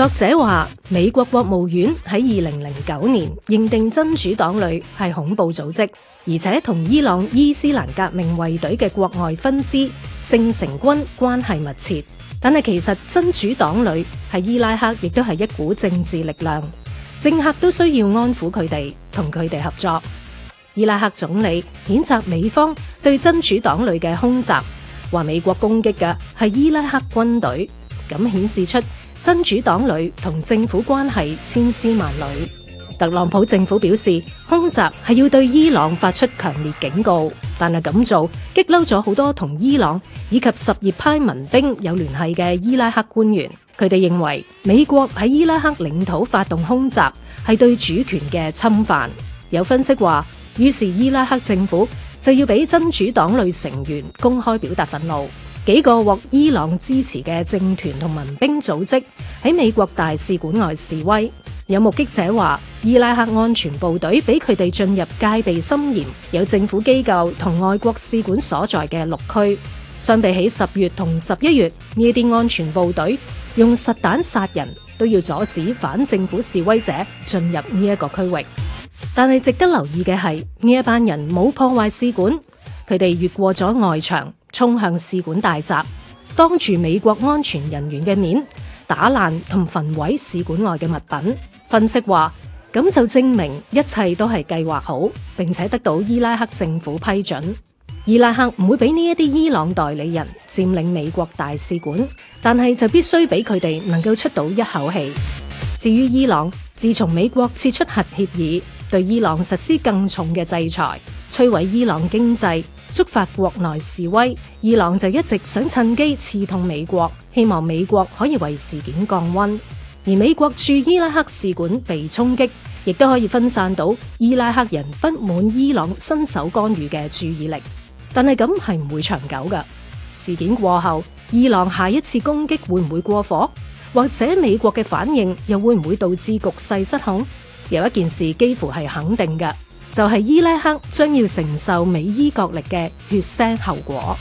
作者話：美國國務院喺二零零九年認定真主黨里係恐怖組織，而且同伊朗伊斯蘭革命衛隊嘅國外分支聖城軍關係密切。但係其實真主黨裏係伊拉克亦都係一股政治力量，政客都需要安撫佢哋，同佢哋合作。伊拉克總理譴責美方對真主黨裏嘅空襲，話美國攻擊嘅係伊拉克軍隊，咁顯示出。真主黨裏同政府關係千絲萬縷，特朗普政府表示空襲係要對伊朗發出強烈警告，但係咁做激嬲咗好多同伊朗以及什葉派民兵有聯繫嘅伊拉克官員，佢哋認為美國喺伊拉克領土發動空襲係對主權嘅侵犯。有分析話，於是伊拉克政府就要俾真主黨裏成員公開表達憤怒。幾個獲伊朗支持嘅政團同民兵組織喺美國大使館外示威，有目擊者話，伊拉克安全部隊俾佢哋進入戒備森嚴、有政府機構同外國使館所在嘅六區。相比起十月同十一月，呢啲安全部隊用實彈殺人都要阻止反政府示威者進入呢一個區域。但係值得留意嘅係，呢一班人冇破壞使館，佢哋越過咗外牆。衝向使館大閘，當住美國安全人員嘅面打爛同焚毀使館外嘅物品。分析話，咁就證明一切都係計劃好，並且得到伊拉克政府批准。伊拉克唔會俾呢一啲伊朗代理人佔領美國大使館，但係就必須俾佢哋能夠出到一口氣。至於伊朗，自從美國撤出核協議。對伊朗實施更重嘅制裁，摧毀伊朗經濟，觸發國內示威，伊朗就一直想趁機刺痛美國，希望美國可以為事件降温。而美國駐伊拉克使館被衝擊，亦都可以分散到伊拉克人不滿伊朗伸手干預嘅注意力。但係咁係唔會長久噶。事件過後，伊朗下一次攻擊會唔會過火？或者美國嘅反應又會唔會導致局勢失控？有一件事幾乎係肯定嘅，就係、是、伊拉克將要承受美伊角力嘅血腥後果。